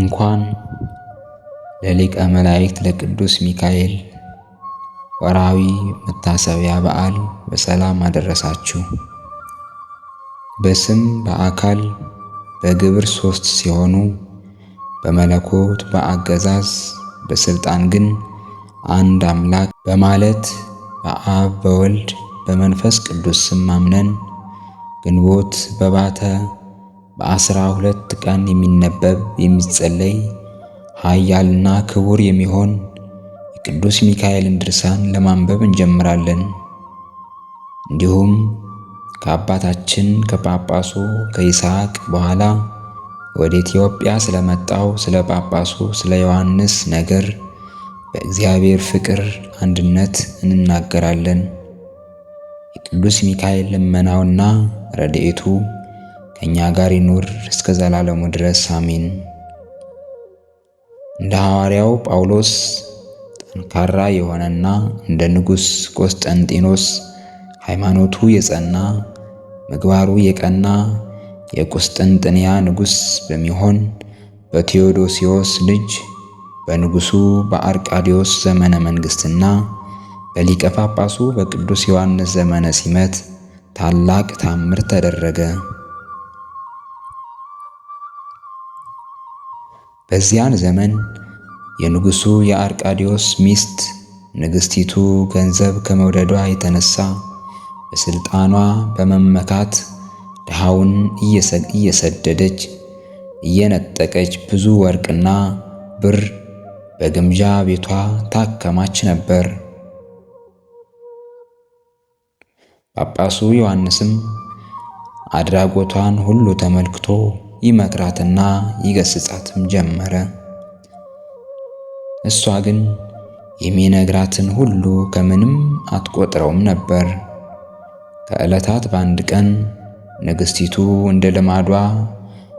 እንኳን ለሊቀ መላእክት ለቅዱስ ሚካኤል ወርሃዊ መታሰቢያ በዓል በሰላም አደረሳችሁ። በስም በአካል በግብር ሶስት ሲሆኑ በመለኮት በአገዛዝ በስልጣን ግን አንድ አምላክ በማለት በአብ በወልድ በመንፈስ ቅዱስ ስም አምነን ግንቦት በባተ በአስራ ሁለት ቀን የሚነበብ የሚጸለይ ኃያልና ክቡር የሚሆን የቅዱስ ሚካኤልን ድርሳን ለማንበብ እንጀምራለን። እንዲሁም ከአባታችን ከጳጳሱ ከይስሐቅ በኋላ ወደ ኢትዮጵያ ስለመጣው ስለ ጳጳሱ ስለ ዮሐንስ ነገር በእግዚአብሔር ፍቅር አንድነት እንናገራለን። የቅዱስ ሚካኤል ልመናውና ረድኤቱ እኛ ጋር ይኑር እስከ ዘላለሙ ድረስ አሜን። እንደ ሐዋርያው ጳውሎስ ጠንካራ የሆነና እንደ ንጉሥ ቆስጠንጢኖስ ሃይማኖቱ የጸና ምግባሩ የቀና የቁስጥንጥንያ ንጉሥ በሚሆን በቴዎዶሲዎስ ልጅ በንጉሡ በአርቃዲዮስ ዘመነ መንግሥትና በሊቀ ጳጳሱ በቅዱስ ዮሐንስ ዘመነ ሲመት ታላቅ ታምር ተደረገ። በዚያን ዘመን የንጉሱ የአርቃዲዎስ ሚስት ንግስቲቱ ገንዘብ ከመውደዷ የተነሳ በስልጣኗ በመመካት ድሃውን እየሰደደች እየነጠቀች ብዙ ወርቅና ብር በግምጃ ቤቷ ታከማች ነበር። ጳጳሱ ዮሐንስም አድራጎቷን ሁሉ ተመልክቶ ይመክራትና ይገስጻትም ጀመረ። እሷ ግን የሚነግራትን ሁሉ ከምንም አትቆጥረውም ነበር። ከዕለታት በአንድ ቀን ንግሥቲቱ እንደ ልማዷ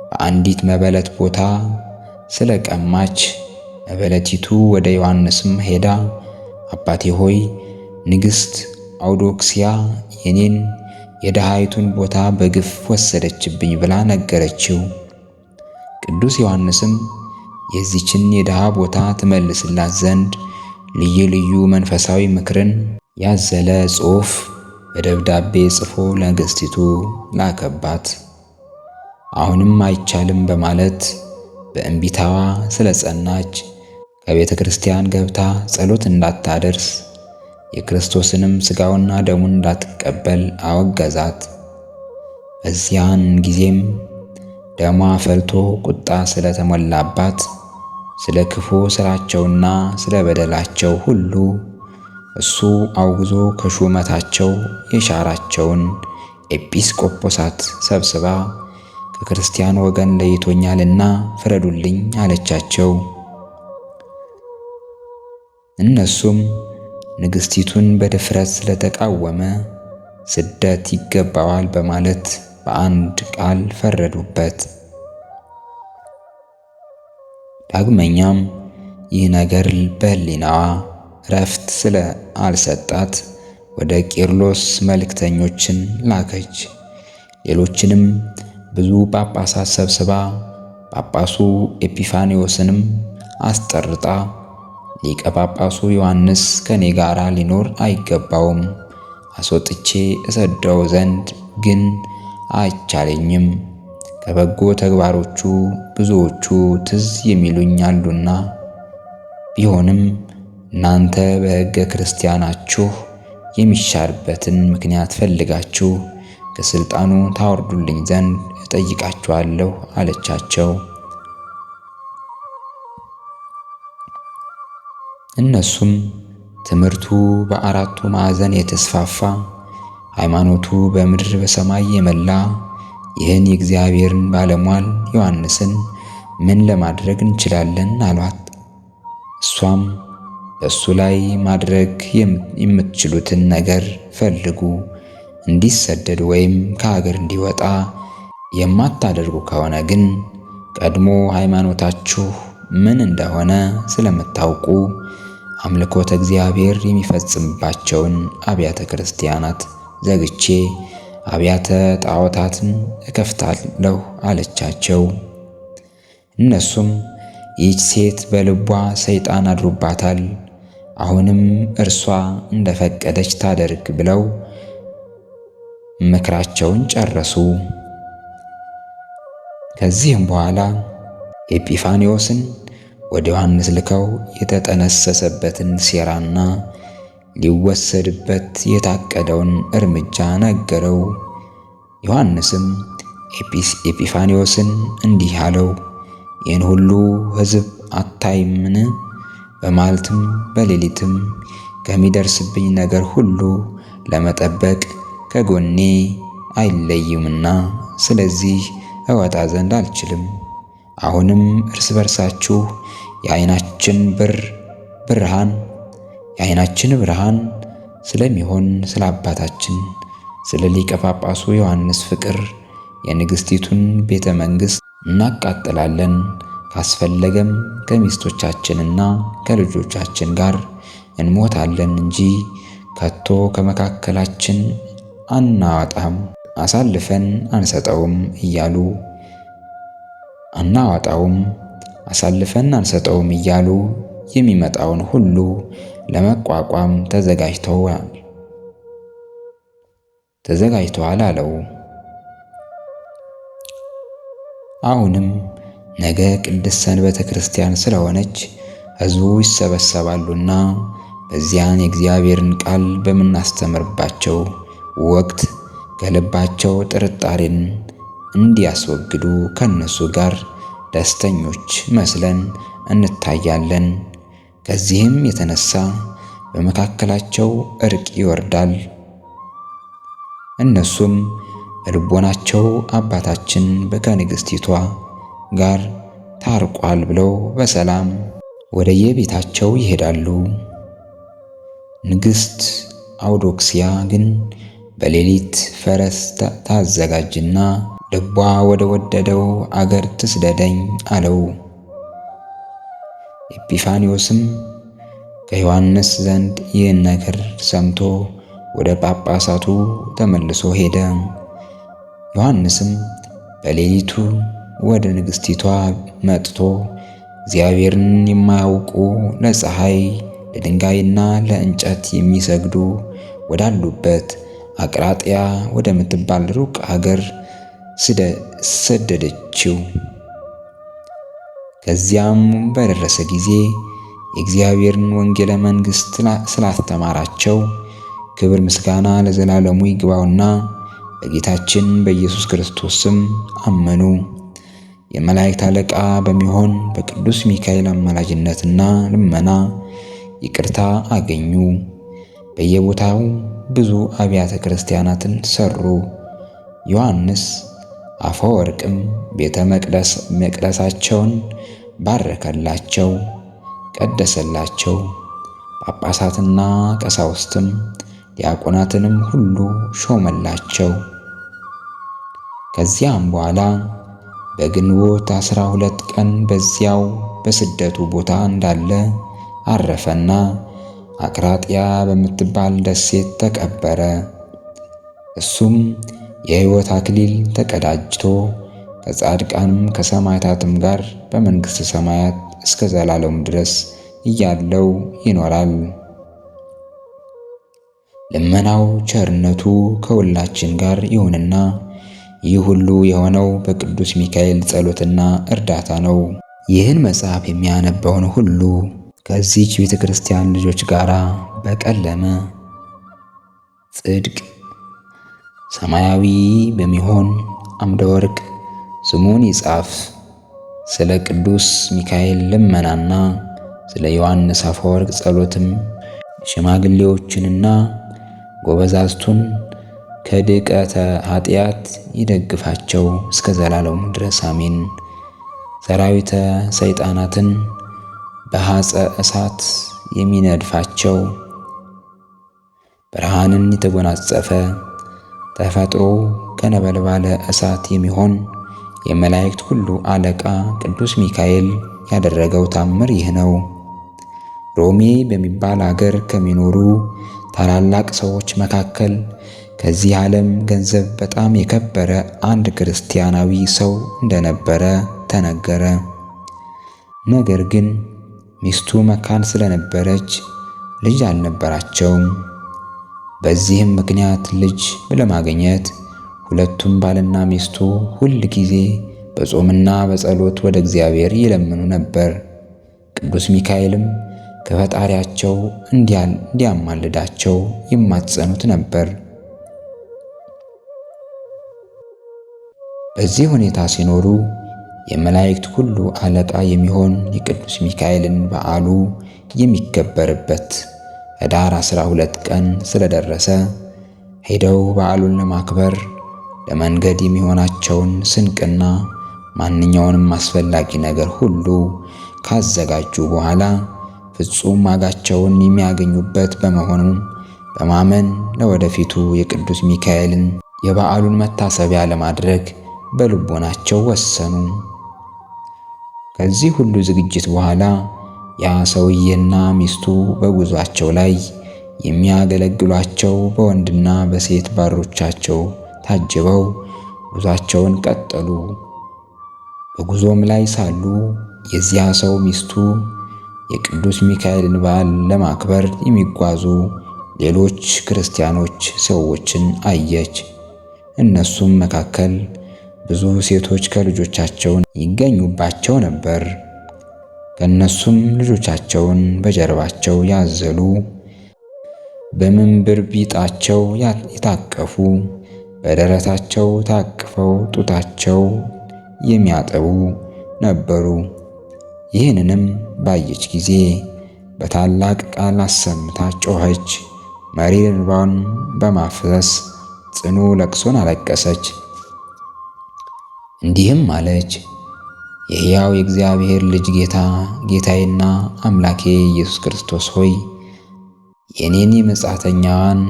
በአንዲት መበለት ቦታ ስለ ቀማች መበለቲቱ ወደ ዮሐንስም ሄዳ አባቴ ሆይ ንግሥት አውዶክሲያ የኔን የድሃይቱን ቦታ በግፍ ወሰደችብኝ ብላ ነገረችው። ቅዱስ ዮሐንስም የዚችን የድሃ ቦታ ትመልስላት ዘንድ ልዩ ልዩ መንፈሳዊ ምክርን ያዘለ ጽሑፍ በደብዳቤ ጽፎ ለንግሥቲቱ ላከባት። አሁንም አይቻልም በማለት በእንቢታዋ ስለጸናች ከቤተ ክርስቲያን ገብታ ጸሎት እንዳታደርስ የክርስቶስንም ሥጋውና ደሙን እንዳትቀበል አወገዛት። በዚያን ጊዜም ደሟ ፈልቶ ቁጣ ስለተሞላባት ስለ ክፉ ሥራቸውና ስለ በደላቸው ሁሉ እሱ አውግዞ ከሹመታቸው የሻራቸውን ኤጲስቆጶሳት ሰብስባ ከክርስቲያን ወገን ለይቶኛልና ፍረዱልኝ አለቻቸው። እነሱም ንግሥቲቱን በድፍረት ስለተቃወመ ስደት ይገባዋል በማለት በአንድ ቃል ፈረዱበት። ዳግመኛም ይህ ነገር በሕሊናዋ ረፍት ስለ አልሰጣት ወደ ቄርሎስ መልእክተኞችን ላከች። ሌሎችንም ብዙ ጳጳሳት ሰብስባ ጳጳሱ ኤጲፋንዮስንም አስጠርጣ። ሊቀ ጳጳሱ ዮሐንስ ከኔ ጋር ሊኖር አይገባውም፣ አስወጥቼ እሰደው ዘንድ ግን አይቻለኝም። ከበጎ ተግባሮቹ ብዙዎቹ ትዝ የሚሉኝ አሉና፣ ቢሆንም እናንተ በሕገ ክርስቲያናችሁ የሚሻርበትን ምክንያት ፈልጋችሁ ከሥልጣኑ ታወርዱልኝ ዘንድ እጠይቃችኋለሁ አለቻቸው። እነሱም ትምህርቱ በአራቱ ማዕዘን የተስፋፋ ሃይማኖቱ በምድር በሰማይ የመላ ይህን የእግዚአብሔርን ባለሟል ዮሐንስን ምን ለማድረግ እንችላለን አሏት። እሷም በእሱ ላይ ማድረግ የምትችሉትን ነገር ፈልጉ፣ እንዲሰደድ ወይም ከሀገር እንዲወጣ የማታደርጉ ከሆነ ግን ቀድሞ ሃይማኖታችሁ ምን እንደሆነ ስለምታውቁ አምልኮተ እግዚአብሔር የሚፈጽምባቸውን አብያተ ክርስቲያናት ዘግቼ አብያተ ጣዖታትን እከፍታለሁ አለቻቸው። እነሱም ይህች ሴት በልቧ ሰይጣን አድሮባታል፣ አሁንም እርሷ እንደፈቀደች ታደርግ ብለው ምክራቸውን ጨረሱ። ከዚህም በኋላ ኤጲፋኒዎስን ወደ ዮሐንስ ልከው የተጠነሰሰበትን ሴራና ሊወሰድበት የታቀደውን እርምጃ ነገረው። ዮሐንስም ኤጲፋንዮስን እንዲህ አለው፣ ይህን ሁሉ ሕዝብ አታይምን? በማልትም በሌሊትም ከሚደርስብኝ ነገር ሁሉ ለመጠበቅ ከጎኔ አይለይምና፣ ስለዚህ እወጣ ዘንድ አልችልም። አሁንም እርስ በርሳችሁ የዓይናችን ብር ብርሃን የዓይናችን ብርሃን ስለሚሆን ስለ አባታችን ስለ ሊቀ ጳጳሱ ዮሐንስ ፍቅር የንግሥቲቱን ቤተ መንግሥት እናቃጥላለን። ካስፈለገም ከሚስቶቻችንና ከልጆቻችን ጋር እንሞታለን እንጂ ከቶ ከመካከላችን አናወጣም፣ አሳልፈን አንሰጠውም እያሉ አናወጣውም አሳልፈን አንሰጠውም እያሉ የሚመጣውን ሁሉ ለመቋቋም ተዘጋጅተዋል ተዘጋጅተዋል አለው። አሁንም ነገ ቅድስት ሰንበተ ክርስቲያን ስለሆነች ሕዝቡ ይሰበሰባሉና በዚያን የእግዚአብሔርን ቃል በምናስተምርባቸው ወቅት ከልባቸው ጥርጣሬን እንዲያስወግዱ ከነሱ ጋር ደስተኞች መስለን እንታያለን። ከዚህም የተነሳ በመካከላቸው እርቅ ይወርዳል። እነሱም በልቦናቸው አባታችን ከንግሥቲቷ ጋር ታርቋል ብለው በሰላም የቤታቸው ይሄዳሉ። ንግሥት አውዶክሲያ ግን በሌሊት ፈረስ ታዘጋጅና ልቧ ወደ ወደደው አገር ትስደደኝ አለው። ኤጲፋኒዎስም ከዮሐንስ ዘንድ ይህን ነገር ሰምቶ ወደ ጳጳሳቱ ተመልሶ ሄደ። ዮሐንስም በሌሊቱ ወደ ንግሥቲቷ መጥቶ እግዚአብሔርን የማያውቁ ለፀሐይ ለድንጋይና ለእንጨት የሚሰግዱ ወዳሉበት አቅራጥያ ወደምትባል ሩቅ አገር ስለ ሰደደችው። ከዚያም በደረሰ ጊዜ የእግዚአብሔርን ወንጌለ መንግሥት ስላስተማራቸው ክብር ምስጋና ለዘላለሙ ይግባውና በጌታችን በኢየሱስ ክርስቶስ ስም አመኑ። የመላእክት አለቃ በሚሆን በቅዱስ ሚካኤል አማላጅነትና ልመና ይቅርታ አገኙ። በየቦታው ብዙ አብያተ ክርስቲያናትን ሰሩ። ዮሐንስ አፈወርቅም ቤተ መቅደሳቸውን ባረከላቸው፣ ቀደሰላቸው። ጳጳሳትና ቀሳውስትም ዲያቆናትንም ሁሉ ሾመላቸው። ከዚያም በኋላ በግንቦት አስራ ሁለት ቀን በዚያው በስደቱ ቦታ እንዳለ አረፈና አቅራጥያ በምትባል ደሴት ተቀበረ። እሱም የሕይወት አክሊል ተቀዳጅቶ ከጻድቃንም ከሰማዕታትም ጋር በመንግሥተ ሰማያት እስከ ዘላለም ድረስ እያለው ይኖራል። ልመናው ቸርነቱ ከሁላችን ጋር ይሁንና ይህ ሁሉ የሆነው በቅዱስ ሚካኤል ጸሎትና እርዳታ ነው። ይህን መጽሐፍ የሚያነበውን ሁሉ ከዚች ቤተ ክርስቲያን ልጆች ጋር በቀለመ ጽድቅ ሰማያዊ በሚሆን አምደ ወርቅ ስሙን ይጻፍ። ስለ ቅዱስ ሚካኤል ልመናና ስለ ዮሐንስ አፈወርቅ ጸሎትም ሽማግሌዎችንና ጎበዛዝቱን ከድቀተ ኃጢአት ይደግፋቸው እስከ ዘላለም ድረስ አሜን። ሰራዊተ ሰይጣናትን በሐፀ እሳት የሚነድፋቸው ብርሃንን የተጎናጸፈ ተፈጥሮ ከነበልባለ እሳት የሚሆን የመላእክት ሁሉ አለቃ ቅዱስ ሚካኤል ያደረገው ታምር ይህ ነው። ሮሜ በሚባል አገር ከሚኖሩ ታላላቅ ሰዎች መካከል ከዚህ ዓለም ገንዘብ በጣም የከበረ አንድ ክርስቲያናዊ ሰው እንደነበረ ተነገረ። ነገር ግን ሚስቱ መካን ስለነበረች ልጅ አልነበራቸውም። በዚህም ምክንያት ልጅ ለማግኘት ሁለቱም ባልና ሚስቱ ሁል ጊዜ በጾምና በጸሎት ወደ እግዚአብሔር ይለምኑ ነበር። ቅዱስ ሚካኤልም ከፈጣሪያቸው እንዲያማልዳቸው ይማጸኑት ነበር። በዚህ ሁኔታ ሲኖሩ የመላእክት ሁሉ አለቃ የሚሆን የቅዱስ ሚካኤልን በዓሉ የሚከበርበት ኅዳር 12 ቀን ስለደረሰ ሄደው በዓሉን ለማክበር ለመንገድ የሚሆናቸውን ስንቅና ማንኛውንም አስፈላጊ ነገር ሁሉ ካዘጋጁ በኋላ ፍጹም ዋጋቸውን የሚያገኙበት በመሆኑ በማመን ለወደፊቱ የቅዱስ ሚካኤልን የበዓሉን መታሰቢያ ለማድረግ በልቦናቸው ወሰኑ። ከዚህ ሁሉ ዝግጅት በኋላ ያ ሰውዬና ሚስቱ በጉዟቸው ላይ የሚያገለግሏቸው በወንድና በሴት ባሮቻቸው ታጅበው ጉዟቸውን ቀጠሉ። በጉዞም ላይ ሳሉ የዚያ ሰው ሚስቱ የቅዱስ ሚካኤልን በዓል ለማክበር የሚጓዙ ሌሎች ክርስቲያኖች ሰዎችን አየች። እነሱም መካከል ብዙ ሴቶች ከልጆቻቸውን ይገኙባቸው ነበር። ከእነሱም ልጆቻቸውን በጀርባቸው ያዘሉ ቢጣቸው የታቀፉ በደረታቸው ታቅፈው ጡታቸው የሚያጠቡ ነበሩ። ይህንንም ባየች ጊዜ በታላቅ ቃል አሰምታ ጮኸች፣ መሪር እንባዋን በማፍሰስ ጽኑ ለቅሶን አለቀሰች። እንዲህም አለች፦ የሕያው የእግዚአብሔር ልጅ ጌታ ጌታዬና አምላኬ ኢየሱስ ክርስቶስ ሆይ የኔን መጻተኛዋን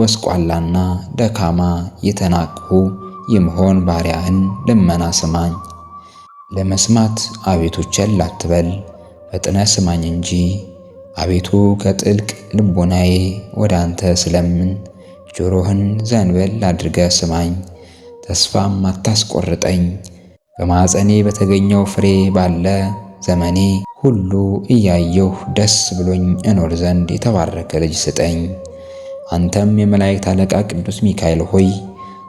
ወስቋላና ደካማ የተናቅሁ የመሆን ባሪያህን ልመና ስማኝ። ለመስማት አቤቱ ቸል አትበል፣ ፈጥነ ስማኝ እንጂ አቤቱ ከጥልቅ ልቦናዬ ወደ አንተ ስለምን ጆሮህን ዘንበል አድርገ ስማኝ፣ ተስፋም አታስቆርጠኝ። በማኅፀኔ በተገኘው ፍሬ ባለ ዘመኔ ሁሉ እያየሁ ደስ ብሎኝ እኖር ዘንድ የተባረከ ልጅ ስጠኝ። አንተም የመላእክት አለቃ ቅዱስ ሚካኤል ሆይ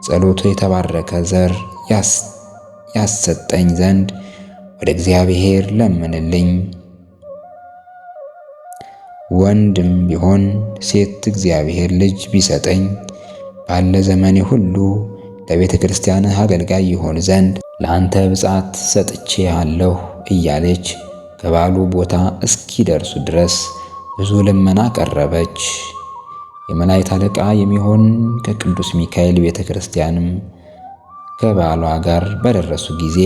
ጸሎቱ የተባረከ ዘር ያሰጠኝ ዘንድ ወደ እግዚአብሔር ለምንልኝ። ወንድም ቢሆን ሴት እግዚአብሔር ልጅ ቢሰጠኝ ባለ ዘመኔ ሁሉ ለቤተ ክርስቲያንህ አገልጋይ ይሆን ዘንድ ለአንተ ብጻት ሰጥቼ አለሁ እያለች ከባሉ ቦታ እስኪደርሱ ድረስ ብዙ ልመና ቀረበች። የመላእክት አለቃ የሚሆን ከቅዱስ ሚካኤል ቤተ ክርስቲያንም ከባሏ ጋር በደረሱ ጊዜ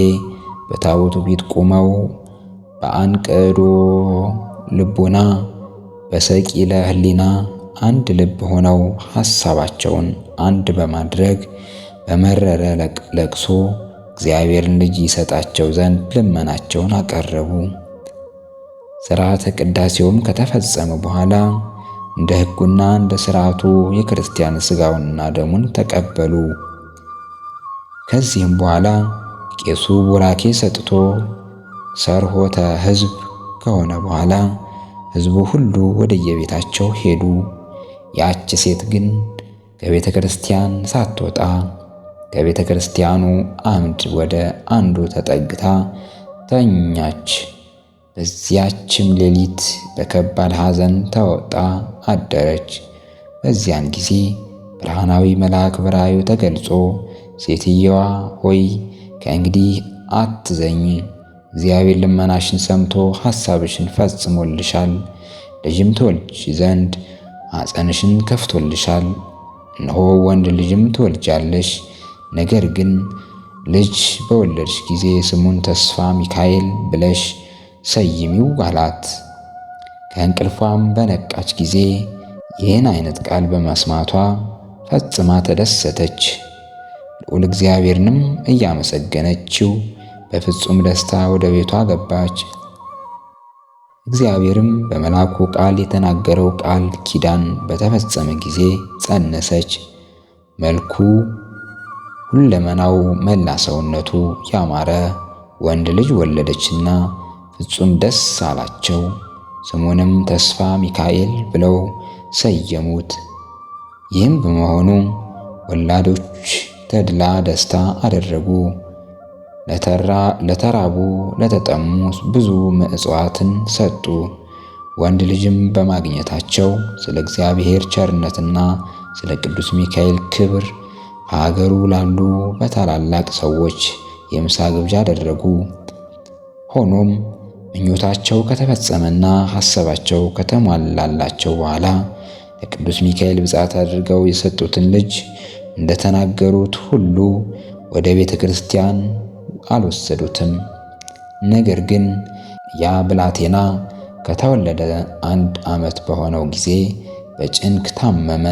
በታቦቱ ፊት ቆመው በአንቀዶ ልቡና በሰቂለ ሕሊና አንድ ልብ ሆነው ሐሳባቸውን አንድ በማድረግ በመረረ ለቅሶ እግዚአብሔርን ልጅ ይሰጣቸው ዘንድ ልመናቸውን አቀረቡ። ሥርዓተ ቅዳሴውም ከተፈጸመ በኋላ እንደ ሕጉና እንደ ሥርዓቱ የክርስቲያን ሥጋውንና ደሙን ተቀበሉ። ከዚህም በኋላ ቄሱ ቡራኬ ሰጥቶ ሰርሆተ ሕዝብ ከሆነ በኋላ ሕዝቡ ሁሉ ወደየቤታቸው ሄዱ። ያች ሴት ግን ከቤተ ክርስቲያን ሳትወጣ ከቤተ ክርስቲያኑ አምድ ወደ አንዱ ተጠግታ ተኛች። በዚያችም ሌሊት በከባድ ሐዘን ተወጣ አደረች። በዚያን ጊዜ ብርሃናዊ መልአክ በራእዩ ተገልጾ ሴትየዋ ሆይ ከእንግዲህ አትዘኝ፣ እግዚአብሔር ልመናሽን ሰምቶ ሐሳብሽን ፈጽሞልሻል። ልጅም ትወልጅ ዘንድ ማኅፀንሽን ከፍቶልሻል። እነሆ ወንድ ልጅም ትወልጃለሽ ነገር ግን ልጅ በወለድሽ ጊዜ ስሙን ተስፋ ሚካኤል ብለሽ ሰይሚው አላት። ከእንቅልፏም በነቃች ጊዜ ይህን አይነት ቃል በመስማቷ ፈጽማ ተደሰተች። ልዑል እግዚአብሔርንም እያመሰገነችው በፍጹም ደስታ ወደ ቤቷ ገባች። እግዚአብሔርም በመልአኩ ቃል የተናገረው ቃል ኪዳን በተፈጸመ ጊዜ ጸነሰች። መልኩ ሁለመናው መላ ሰውነቱ ያማረ ወንድ ልጅ ወለደችና ፍጹም ደስ አላቸው። ስሙንም ተስፋ ሚካኤል ብለው ሰየሙት። ይህም በመሆኑ ወላዶች ተድላ ደስታ አደረጉ። ለተራቡ ለተጠሙ ብዙ ምጽዋትን ሰጡ። ወንድ ልጅም በማግኘታቸው ስለ እግዚአብሔር ቸርነትና ስለ ቅዱስ ሚካኤል ክብር ሀገሩ ላሉ በታላላቅ ሰዎች የምሳ ግብዣ አደረጉ። ሆኖም ምኞታቸው ከተፈጸመና ሐሳባቸው ከተሟላላቸው በኋላ ለቅዱስ ሚካኤል ብፅዓት አድርገው የሰጡትን ልጅ እንደተናገሩት ሁሉ ወደ ቤተ ክርስቲያን አልወሰዱትም። ነገር ግን ያ ብላቴና ከተወለደ አንድ ዓመት በሆነው ጊዜ በጭንቅ ታመመ።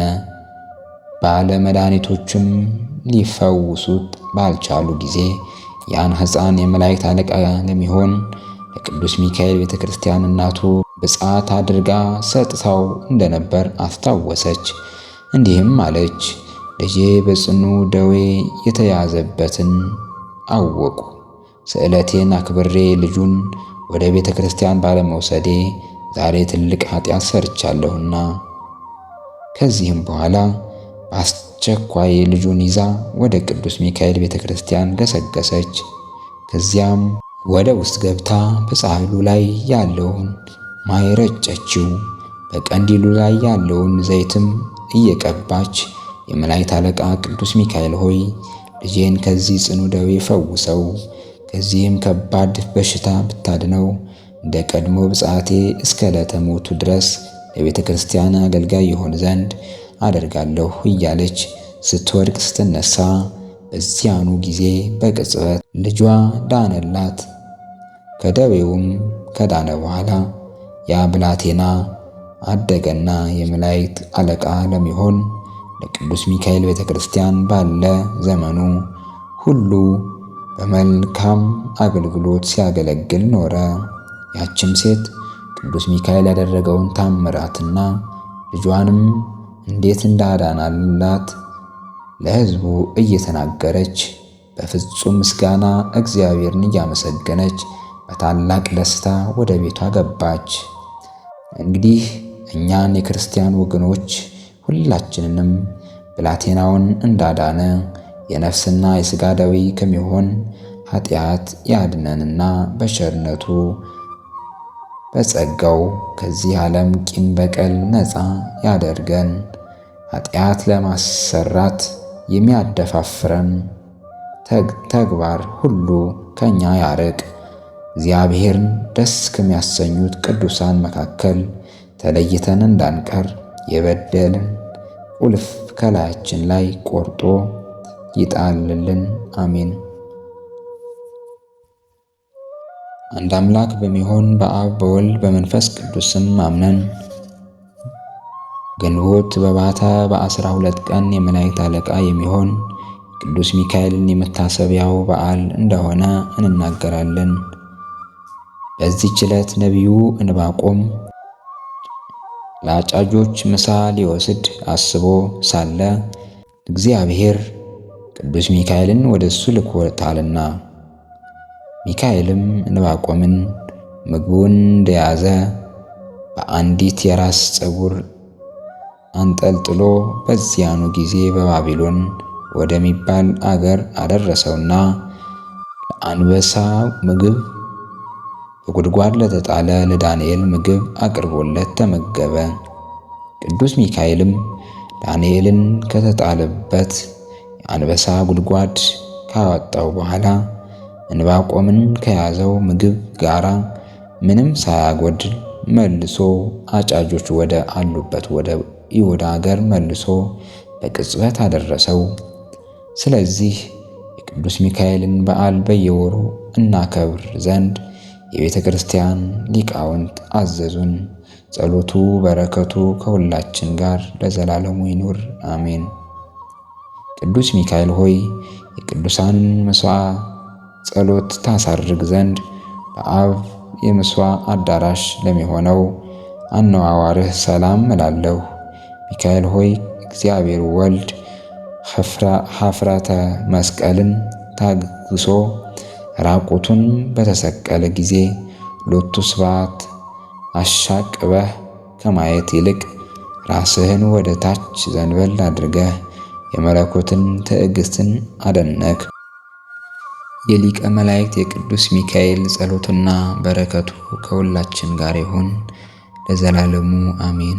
ባለመድኃኒቶቹም ሊፈውሱት ባልቻሉ ጊዜ ያን ሕፃን የመላእክት አለቃ ለሚሆን ለቅዱስ ሚካኤል ቤተ ክርስቲያን እናቱ ብጻት አድርጋ ሰጥታው እንደነበር አስታወሰች። እንዲህም አለች፣ ልጄ በጽኑ ደዌ የተያዘበትን አወቁ። ስዕለቴን አክብሬ ልጁን ወደ ቤተ ክርስቲያን ባለመውሰዴ ዛሬ ትልቅ ኃጢአት ሰርቻለሁና ከዚህም በኋላ አስቸኳይ ልጁን ይዛ ወደ ቅዱስ ሚካኤል ቤተ ክርስቲያን ገሰገሰች። ከዚያም ወደ ውስጥ ገብታ በጻሕሉ ላይ ያለውን ማይ ረጨችው። በቀንዲሉ ላይ ያለውን ዘይትም እየቀባች የመላእክት አለቃ ቅዱስ ሚካኤል ሆይ ልጄን ከዚህ ጽኑ ደዌ ፈውሰው፣ ከዚህም ከባድ በሽታ ብታድነው፣ እንደ ቀድሞ ብጻቴ እስከ ዕለተ ሞቱ ድረስ ለቤተ ክርስቲያን አገልጋይ ይሆን ዘንድ አደርጋለሁ እያለች ስትወድቅ ስትነሳ በዚያኑ ጊዜ በቅጽበት ልጇ ዳነላት። ከደዌውም ከዳነ በኋላ ያ ብላቴና አደገና የመላእክት አለቃ ለሚሆን ለቅዱስ ሚካኤል ቤተ ክርስቲያን ባለ ዘመኑ ሁሉ በመልካም አገልግሎት ሲያገለግል ኖረ። ያችም ሴት ቅዱስ ሚካኤል ያደረገውን ታምራትና ልጇንም እንዴት እንዳዳናላት ለሕዝቡ እየተናገረች በፍጹም ምስጋና እግዚአብሔርን እያመሰገነች በታላቅ ደስታ ወደ ቤቷ ገባች። እንግዲህ እኛን የክርስቲያን ወገኖች ሁላችንንም ብላቴናውን እንዳዳነ የነፍስና የሥጋ ደዌ ከሚሆን ኃጢአት ያድነንና በቸርነቱ በጸጋው ከዚህ ዓለም ቂም በቀል ነፃ ያደርገን፣ ኃጢአት ለማሰራት የሚያደፋፍረን ተግባር ሁሉ ከእኛ ያርቅ። እግዚአብሔርን ደስ ከሚያሰኙት ቅዱሳን መካከል ተለይተን እንዳንቀር የበደልን ቁልፍ ከላያችን ላይ ቆርጦ ይጣልልን። አሜን። አንድ አምላክ በሚሆን በአብ በወልድ በመንፈስ ቅዱስም አምነን ግንቦት በባታ በአስራ ሁለት ቀን የመላእክት አለቃ የሚሆን ቅዱስ ሚካኤልን የመታሰቢያው በዓል እንደሆነ እንናገራለን። በዚህች ዕለት ነቢዩ እንባቆም ለአጫጆች ምሳ ሊወስድ አስቦ ሳለ እግዚአብሔር ቅዱስ ሚካኤልን ወደ እሱ ልኮታልና ሚካኤልም እንባቆምን ምግቡን እንደያዘ በአንዲት የራስ ፀጉር አንጠልጥሎ በዚያኑ ጊዜ በባቢሎን ወደሚባል አገር አደረሰውና ለአንበሳ ምግብ በጉድጓድ ለተጣለ ለዳንኤል ምግብ አቅርቦለት ተመገበ። ቅዱስ ሚካኤልም ዳንኤልን ከተጣለበት የአንበሳ ጉድጓድ ካወጣው በኋላ እንባቆምን ከያዘው ምግብ ጋራ ምንም ሳያጎድል መልሶ አጫጆች ወደ አሉበት ወደ ይሁዳ ሀገር መልሶ በቅጽበት አደረሰው። ስለዚህ የቅዱስ ሚካኤልን በዓል በየወሩ እናከብር ዘንድ የቤተ ክርስቲያን ሊቃውንት አዘዙን። ጸሎቱ በረከቱ ከሁላችን ጋር ለዘላለሙ ይኑር አሜን። ቅዱስ ሚካኤል ሆይ የቅዱሳን መስዋዕ ጸሎት ታሳርግ ዘንድ በአብ የምስዋ አዳራሽ ለሚሆነው አነዋዋርህ ሰላም እላለሁ። ሚካኤል ሆይ እግዚአብሔር ወልድ ሐፍረተ መስቀልን ታግሶ ራቁቱን በተሰቀለ ጊዜ ሎቱ ስብዓት አሻቅበህ ከማየት ይልቅ ራስህን ወደ ታች ዘንበል አድርገህ የመለኮትን ትዕግስትን አደነቅ። የሊቀ መላእክት የቅዱስ ሚካኤል ጸሎትና በረከቱ ከሁላችን ጋር ይሁን ለዘላለሙ አሜን።